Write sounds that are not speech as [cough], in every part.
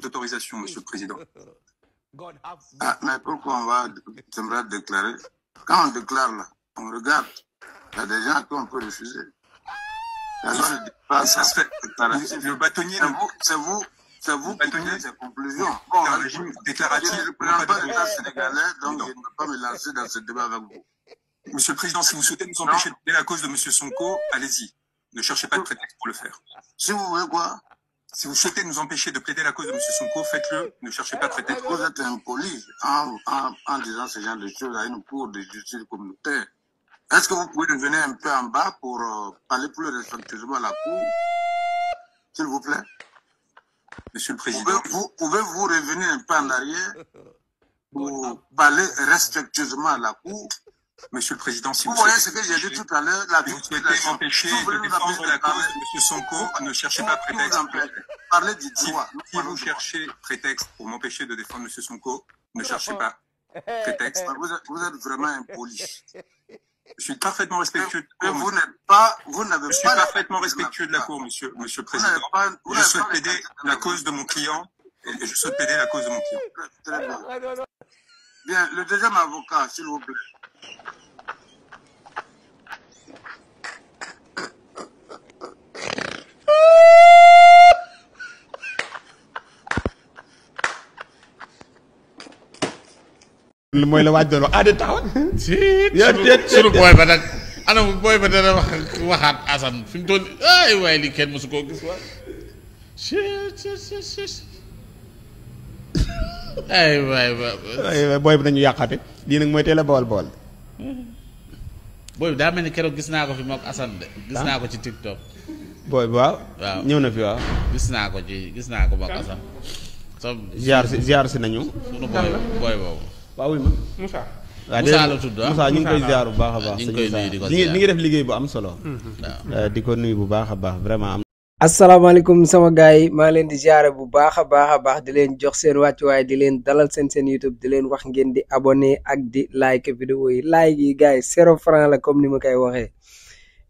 d'autorisation, Monsieur le Président. [laughs] Ah, mais pourquoi on va, déclarer Quand on déclare, là, on regarde. Il y a des gens qu'on peut refuser. Alors, ne pas ça. le bâtonnier, c'est vous, c'est vous qui tenez ces conclusions. Bon, un régime déclaratif. Je ne prends pas sénégalais, donc ne peux pas me lancer dans ce débat avec vous. Monsieur le Président, si vous souhaitez nous empêcher de donner la cause de Monsieur Sonko, allez-y. Ne cherchez pas de prétexte pour le faire. Si vous voulez quoi si vous souhaitez nous empêcher de plaider la cause de M. Sonko, faites-le. Ne cherchez pas à prêter. Vous êtes un en, en, en, disant ce genre de choses à une cour de justice communautaire. Est-ce que vous pouvez revenir un peu en bas pour euh, parler plus respectueusement à la cour S'il vous plaît. Monsieur le Président. vous pouvez -vous revenir un peu en arrière pour ah. parler respectueusement à la cour Monsieur le Président, si vous, vous souhaitez, empêcher, dit tout à l'heure, la, vous souhaitez la, de défendre la cause de Monsieur Sonko, ne cherchez pas prétexte. Parlez du droit. Si, vous cherchez prétexte pour m'empêcher de défendre Monsieur Sonko, ne cherchez pas [laughs] prétexte. Vous êtes, vraiment impoli. Je suis parfaitement respectueux de la Vous n'êtes pas, vous n'avez Je suis pas parfaitement respectueux de la Cour, monsieur, monsieur le Président. Pas, je souhaite aider la cause de mon client et je souhaite aider la cause de mon client. Bien, le deuxième avocat, s'il vous plaît. mooy la waaj doon wax aada taxaw. si sunu booy ba nag anam booy ba dana wax waxaat Assane fi toll ay waaye li kenn mësu koo gis waay. ay waay waay waay booy bi nañu yàqaate lii nag mooy teel a bool bool. booy daa mel ni keroog gis naa ko fi mook Assane de. gis ah. naa ko ci TikTok. booy waaw. waaw ñëw na fi waaw. gis naa ko ci gis naa ko mook Assane. soo si ziar si nañu. sunu booy booy boobu. waaw wuy ma la tudd ah. Moussa ñu ngi koy ziar bu baax a baax. Ah, ñu ngi koy nuyu ngi def liggéey bu am solo. Mm-hmm. Euh, di ko nuyu bu baax a baax vraiment am. asalaamaaleykum sama gars yi maa leen di jaare bu baax a baax a baax di leen jox seen wàccuwaay di leen dalal seen seen YouTube di leen wax ngeen di abonné ak di lay vidéo yi like yi gars yi zéro franc la comme ni ma koy waxee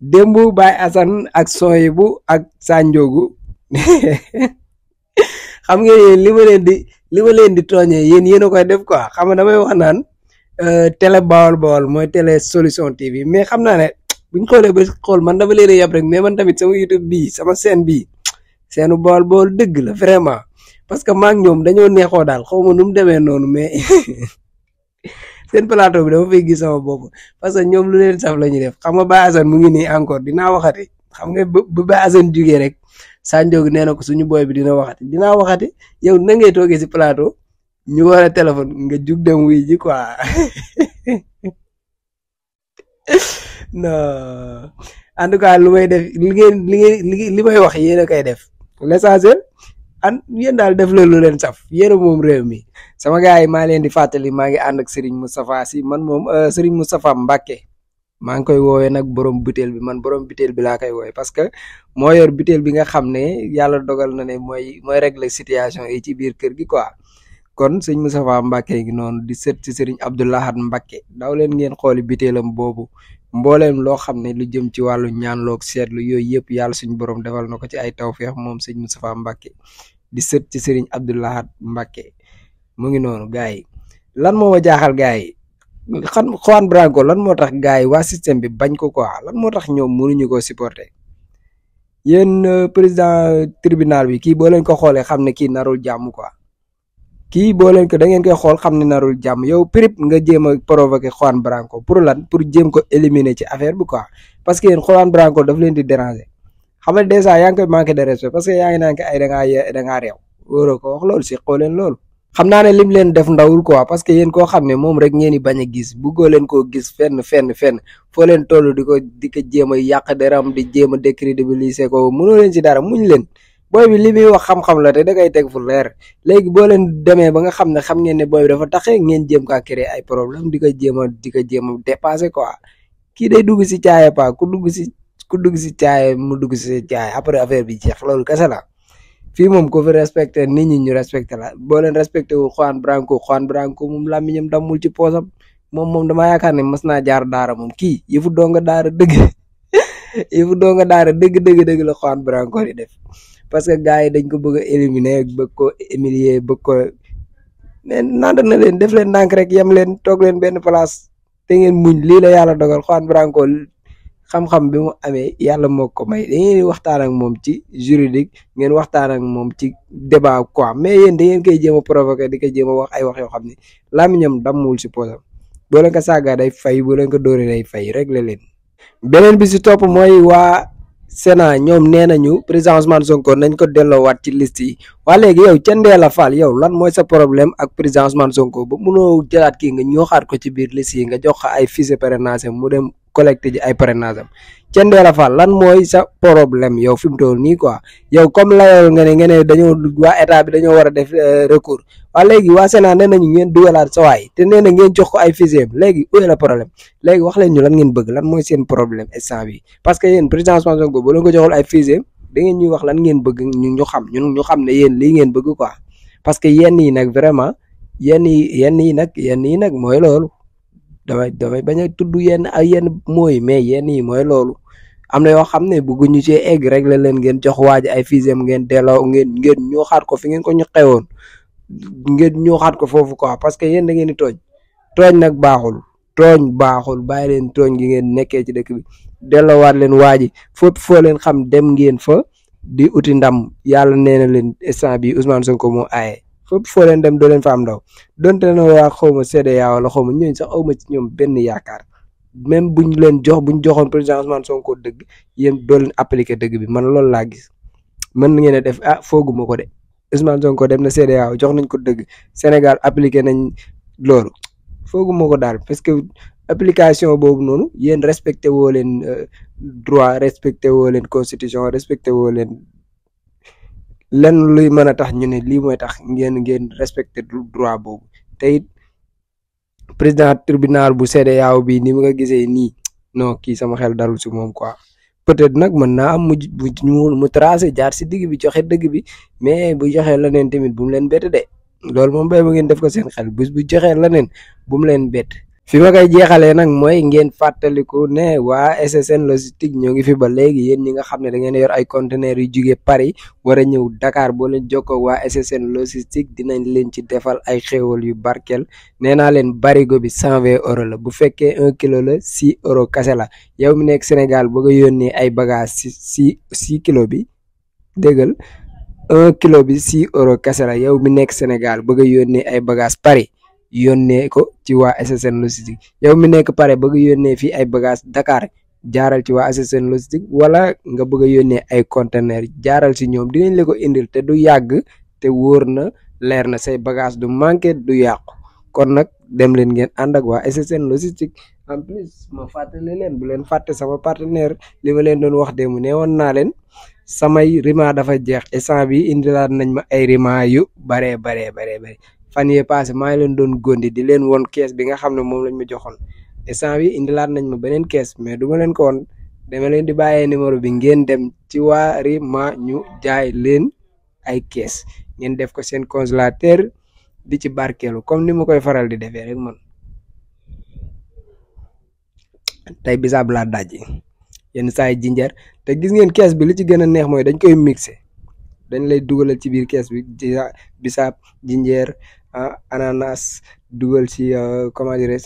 démb Baye Assane ak Soyibu ak Sanjogu [laughs] xam nga yéen li ma leen di li ma leen di tooñee yéen yéen koy def koi xam nga damay wax naan euh, télé Bawol Bawol mooy télé solution TV mais xam naa ne. buñ xoolee ba xool man dama leen a yab rek mais man tamit sama YouTube bii sama scène bii seenu bool bool dëgg la vraiment parce que maa ngi ñoom dañoo neexoo daal xaw ma nu demee noonu mais [laughs] seen plateau bi dama fay gis sama boobu parce que ñoom lu leen saf la ñuy def xam nga Baye Assane mu ngi nii encore dinaa waxati xam nga bu Baye Assane jugee rek Sanjog nee na ko suñu boy bi dina waxati dinaa waxati yow na ngay toogee si plateau ñu war téléphone nga jug dem wuy ji quoi. [laughs] non en tout cas lu may def li ngeen li ngeen li may wax yéen a koy def l'essentiel an yéen daal def la lu leen saf yéen a moom réew mi sama gars yi maa leen di fàttali maa ngi ànd ak Serigne Moustapha Sy man moom euh, Serigne Moustapha Mbacké maa ngi koy woowee nag borom butéel bi man borom butéel bi laa koy woowee parce que moo yor butéel bi nga xam ne yàlla dogal na ne mooy mooy régler situation yi ci biir kër gi quoi kon sëñ Moustapha Mbacké gi noonu di sët ci sëriñ Abdoulahad Mbacké daw leen ngeen xooli butéelam boobu mbooleem loo xam ne lu jëm ci wàllu ñaanloog seetlu yooyu yëpp yàlla suñu borom defal na ko ci ay taw feex moom sëñ Moustapha Mbacke di sët ci sëriñ Abdoulahat mbake mu ngi noonu gars yi lan moo jaaxal gars yi xam Juan Branco lan moo tax gars yi waa système bi bañ ko quoi lan moo tax ñoom mënuñu koo supporter yéen euh, président tribunal bi kii boo leen ko xoolee xam ne kii narul jàmm quoi. kii boo leen ko da ngeen koy xool xam ne naru jàmm yow prip nga jéem a provoqué Juan Branco pour lan pour jéem ko éliminer ci affaire bi quoi parce que yéen Juan Branco daf leen di déranger xam nga dèjà yaa manqué de respect parce que yaa ngi naan ko ay da ko wax loolu si xoo leen loolu. xam naa ne lim leen def ndawul quoi parce que yéen koo xam ne moom rek ngeen di bañ a gis buggoo leen koo gis fenn fenn fenn foo leen toll di ko di ko jéem a yàq deram di jéem a décrédibiliser ko mënoo leen ci dara muñ leen. booy bi li muy wax xam-xam la te da kay teg fu leer léegi boo leen demee ba nga xam ne xam ngeen ne booy bi dafa taxee ngeen jéem kaa créer ay problème di ko jéem a di ko jéem a dépasser kii day dugg si caaya pa ku dugg si ku dugg si caaya mu dugg si caaya après affaire bi jeex loolu kese la fii moom ko fi respecté nit ñi ñu respecté la boo leen respecté wu Juan Branco Juan Branco moom làmmiñam damul ci poosam moom moom damaa yaakaar ne mas naa jaar daara moom kii yëfu doo nga daara dëgg [laughs] yëfu doo nga daara dëgg dëgg dëgg la Juan Branco di def parce que gars yi dañ ko bëgg a éliminer bëgg ko humilier bëgg ko mais nanda na leen def leen ndànk rek yem leen toog leen benn place te ngeen muñ lii la yàlla dogal Juan Branco xam-xam bi mu amee yàlla moo ko may da ngeen waxtaan ak moom ci juridique ngeen waxtaan ak moom ci débat quoi mais yéen da ngeen koy jéem a provoquer di ko jéem a wax ay wax yoo xam ni làmmiñam dammuwul si posam boo leen ka saaga day fay boo leen ko dóoree day fay régler leen beneen bi si Sénat ñoom nee nañu président Ousmane Sonko nañ ko delloowaat ci list yi waa léegi yow ca Ndella Fall yow lan mooy sa problème ak président Ousmane Sonko ba mënoo jëlaat kii nga ñoo xaar ko ci biir liste yi nga jox ay fiches parrainage mu dem collecté ji ay parrainage am Thiendella fa lan mooy sa problème yow fi mu toll nii quoi yow comme layool nga ne nga ne dañoo waa état bi dañoo war a def euh, recours waa léegi waa Sénat nee nañu ngeen dugalaat sa waay te nee na ngeen jox ko ay fichier léegi où problème léegi wax leen ñu lan ngeen bëgg lan mooy seen problème instant bi parce que yéen président Ousmane Sonko bu leen ko joxul ay fichier da ñu ñuy wax lan ngeen bëgg ñu xam ñun ñu xam ne yéen lii ngeen bëgg quoi parce que yen yi nag vraiment yen yi yenn yi nag yenn yi nag mooy loolu damay damay bañ a tudd a ay yenn mooy mais yenn yi mooy loolu am na yoo xam ne bëgguñu ci egg rek la leen ngeen jox waaj ay fisem ngeen delloo ngeen ngeen ñoo xaat ko fi ngeen ko ñu woon ngeen ñoo xaat ko foofu quoi parce que yéen da ngeen di tooñ tooñ nag baaxul tooñ baaxul bàyyi leen tooñ gi ngeen nekkee ci dëkk bi delloowaat leen waaji fépp foo leen xam dem ngeen fa di uti ndam yàlla nee na leen instant bi Ousmane Sonko moo aaye fépp foo leen dem doo leen fa am ndaw donte ne xaw ma CEDEAO wala xaw ma sax aw ma ci ñoom benn yaakaar même bu ñu leen jox bu ñu joxoon président Ousmane Sonko dëgg yéen doo leen appliqué dëgg bi man loolu laa gis mën ngeen a def ah fooguma ko de Ousmane Sonko dem na CEDEAO jox nañ ko dëgg Sénégal appliqué nañ loolu fooguma ko daal parce que application boobu noonu yéen respecté woo leen euh, droit respecté woo leen constitution respecté woo leen. len luy mën tax ñu ne ngien moy tax ngeen ngeen respecter droit bobu te it président tribunal bu CEDEAO bi ni nga gisee ni non ki sama xel darul ci mom quoi peut-être nak mën na am mu mu mu tracé jaar ci digg bi joxe dëgg bi mais bu joxe leneen timit bu mu len bett de lool mom bay ba ngeen def ko seen xel bu joxe bu mu len fi ma kay jéxalé nak moy ngeen fatalikou né wa SSN logistique ñoo ngi fi ba légui yeen ñi nga xamné da ngeen yor ay conteneur yu joggé Paris wara ñew Dakar bo leen jokko wa SSN logistique dinañ leen ci défal ay xéewal yu barkel néna leen barigo bi 120 euro la bu féké 1 kilo la 6 euro kassé la yow mi nek Sénégal bëgg yonni ay bagage 6 6 kilo bi dégal 1 kilo bi 6 euro kassé la yow mi nek Sénégal bëgg yonni ay bagage Paris yónnee ko ci waa SSN logistique yow mi nekk pare bëgg yónnee fii ay bagages dakaar jaaral ci waa SSN logistique wala nga bëgg a yónnee ay conteneurs jaaral si ñoom dinañ la ko indil te du yàgg te wóor na leer na say bagages du manqué du yàqu kon nag dem leen ngeen ànd ak waa SSN logistique en plus ma fàttali leen bu leen fàtte sama partenaire li leen doon wax de mu nee woon naa leen samay rima dafa jeex instant bi indilaat nañ ma ay rima yu baree baree baree bare fan yee passé maa ngi leen doon gondi di leen won kees bi nga xam ne moom lañ ma joxoon instant bi indilaat nañ ma beneen kees mais du ma leen ko won dama leen di bàyyee numéro bi ngeen dem ci ma ñu jaay leen ay kees ngeen def ko seen congélateur di ci barkeelu comme ni ma koy faral di defee rek man tey bisaab laa dajji yenn saa yi jinjar te gis ngeen kees bi li ci gën a neex mooy dañ koy mixé dañ lay dugalal ci biir kees bi bisaab jinjeer ah ananas dugal ci euh, comment dirais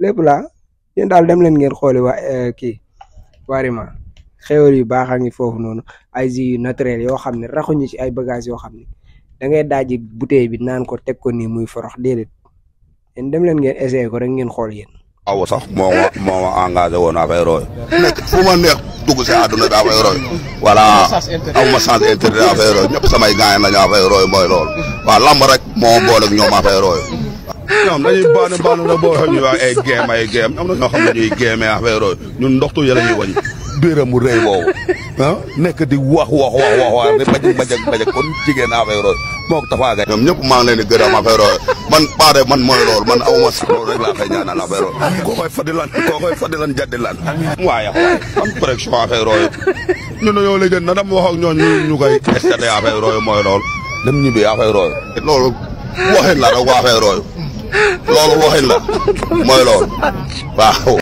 lépp laa yéen daal dem leen ngeen xooli wa euh, kii waa Rima xéwal yu baax a ngi foofu noonu ay si yu naturel yoo xam ne raxuñu ci ay bagages yoo xam ne da ngay daaji bi naan ko teg ko nii muy forox déedéet yéen dem leen ngeen essayé ko rek ngeen xool yéen. waaw sax moo ma moo ma engagé woon affaire yooyu. neex dugg si àdduna bi affaire yooyu voilà amu ma chance interdit affaire yooyu ñëpp samay gaañ lañu affaire yooyu mooy loolu waaw lamb rek moo boole ak ñoom affaire yooyu. ñoom dañuy baanu baanu la boo xam ñu wax ay géem ay géem am na ñoo xam ne ñuy géemee affaire yooyu ñun ndoxtu yële ñuy wàññi biiram mu rëy boobu. ah nekk di wax wax wax wax wax di bajag bajag bajag kon jigéen affaire yooyu moo ko Tapha Gaye ñoom ñëpp maa ngi leen di gërëm affaire yooyu man paade man mooy loolu man awma si loolu rek laa koy ñaanal affaire yooyu koo koy fadilan koo koy fadilan jaddilan waaye am pression affaire yooyu ñu ne yow léegi na dam wax ak ñooñu ñu koy stade affaire yooyu mooy loolu dem ñibbi affaire yooyu loolu waxin la rek waa affaire yooyu loolu waxin la mooy loolu waaw